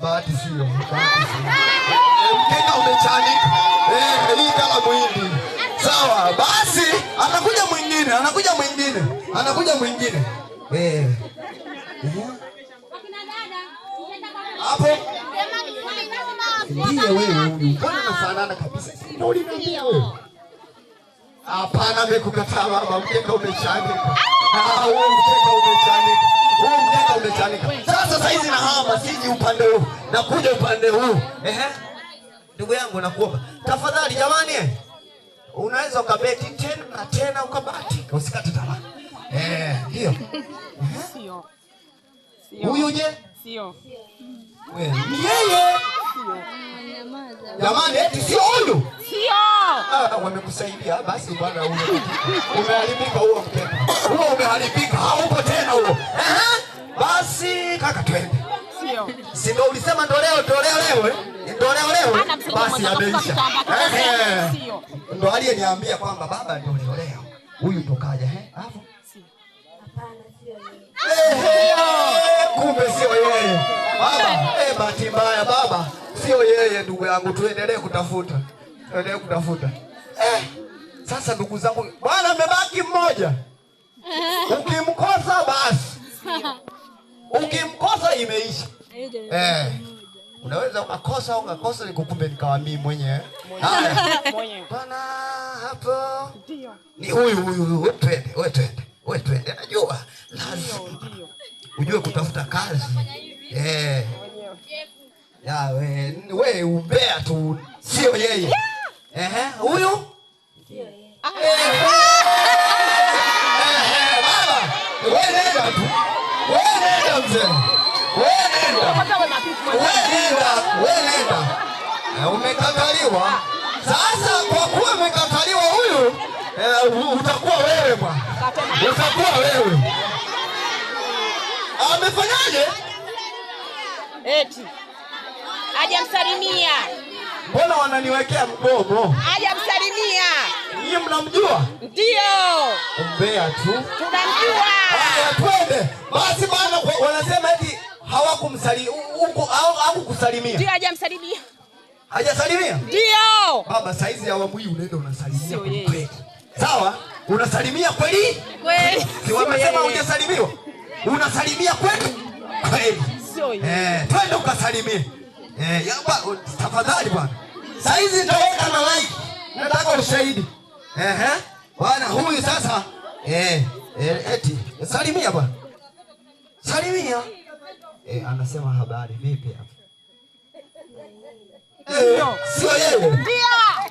bahati sio Mkenya umechanika eh, hii kala muhindi. Sawa basi, anakuja mwingine, anakuja mwingine, anakuja mwingine eh. Hapo ndiye wewe, mbona unafanana kabisa? Ndio uliniambia wewe. Hapana, amekukataa mama, mkeka umechanika. Ah, huo mkeka umechanika, huo mkeka umechanika. Sasa saizi na hama, siji upande huu, nakuja upande huu. Ehe, ndugu yangu, nakuomba tafadhali, jamani, unaweza ukabeti tena na tena ukabahatika, usikate tamaa. Eh, hiyo huyu je? Sio wewe, Yeye. Sio. Jamani, eti sio huyu wamekusaidia, basi bwana, huyo umeharibika, huo mtema huo umeharibika, haupo tena huo. Basi kaka, twende, si ndio? Ulisema ndo leo, ndo leo leo, eh? ndo leo leo, basi ameisha. Ndo aliyeniambia kwamba baba, ndo leo leo, huyu ndo kaja. Eh? Alafu kumbe sio yeye baba. Eh, bahati mbaya baba, sio yeye ndugu yangu, tuendelee kutafuta, tuendelee kutafuta. Sasa ndugu zangu, bwana amebaki mmoja, ukimkosa basi, ukimkosa imeisha eh. Unaweza ukakosa ukakosa, nikukumbe nikawa mimi mwenyewe. Haya bwana, hapo ni huyu huyu, wewe twende, wewe twende, wewe twende. Najua lazima ujue kutafuta kazi eh, ya wewe umbea tu, sio yeye eh mzee. Wewe nenda. Wewe nenda. Umekataliwa. Sasa kwa kuwa umekataliwa huyu eh, utakuwa wewe bwana. Utakuwa wewe. Amefanyaje? Eti. Hajamsalimia. Mbona wananiwekea mgomo? Hajam Nyinyi mnamjua? Ndio. Umbea tu. Tunamjua. Haya twende. Basi maana wanasema eti hawakumsalimia huko au hakukusalimia. Ndio hajamsalimia. Hajasalimia? Ndio. Baba saizi awamu hii unaenda unasalimia kweli. Sawa? Unasalimia kweli? Kweli. Si wamesema hujasalimiwa? Unasalimia kweli? Kweli. Sio yeye. Eh, twende ukasalimie. Eh, yaba tafadhali bwana. Saizi ndio na like. Nataka ushahidi. Ehe. Bwana huyu sasa eh, eh, eti salimia bwana. Salimia. Eh, anasema habari vipi hapo? Eh, sio yeye. Ndio.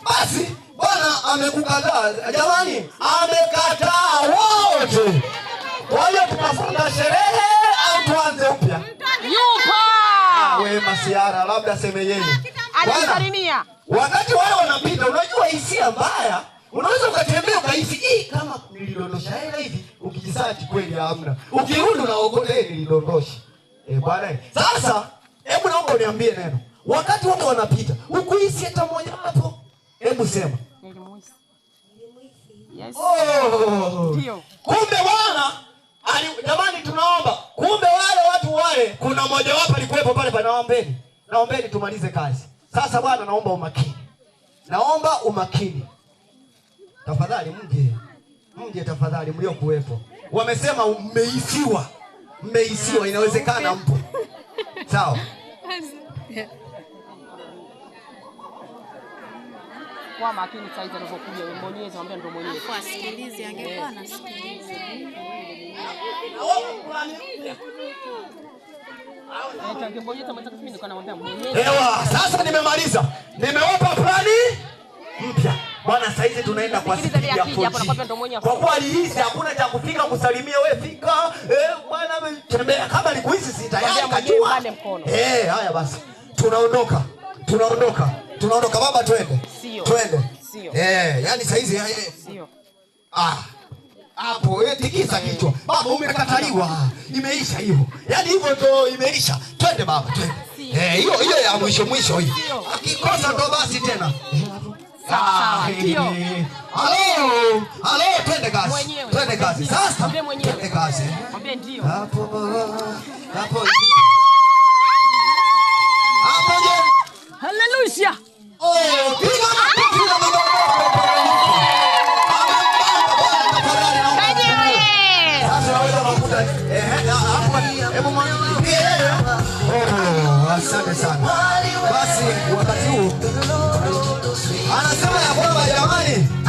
Basi Bwana amekukataa. Jamani, amekataa wote. Kwa hiyo tunafunga sherehe au tuanze upya? Yupo. Wema Siara, labda seme yeye. Alisalimia. Wakati wale wanapita, unajua hisia mbaya Unaweza ukatembea ukahisi hii kama nilidondosha hela hivi, ukijisati kweli hamna, ukirudi unaogopa hii eh, nilidondosha. Eh, bwana. Sasa hebu naomba uniambie neno, wakati wote wanapita, ukuhisi hata mmoja hapo? Hebu sema Yes. Oh. Ndio. Kumbe Bwana jamani, tunaomba kumbe wale watu wale, kuna mmoja wapo alikuwepo pale pale. Naombeni, naombeni tumalize kazi sasa. Bwana, naomba umakini, naomba umakini Tafadhali mje, mje tafadhali, mliokuwepo. Wamesema mmeisiwa, mmeisiwa, inawezekana mpo sawa. Kwa makini ndo Kwa sikilizi angekuwa Ewa, sasa nimemaliza. Nimewapa plani mpya. Bwana, saa hizi tunaenda kwa spidi ya koji, kwa kuwa alihisi hakuna cha kufika kusalimia. We fika eh, bwana, tembea kama likuizi sitayari kajua. Eh, haya basi, tunaondoka tunaondoka tunaondoka, baba, twende twende. Eh, yani saa hizi eh, eh. ah hapo tikisa kichwa baba, umekataliwa, imeisha hiyo. Yani hivyo ndio imeisha. Twende baba, twende. Eh, hiyo hiyo ya mwisho mwisho hiyo, akikosa ndo basi tena Sawa. Halo, twende kazi. Twende kazi. Sasa twende kazi. Mwambie ndio. Hapo hapo. Haleluya. Oh, piga makofi na mababu. Oh, asante sana. Basi wakati huu anasema ya kwamba jamani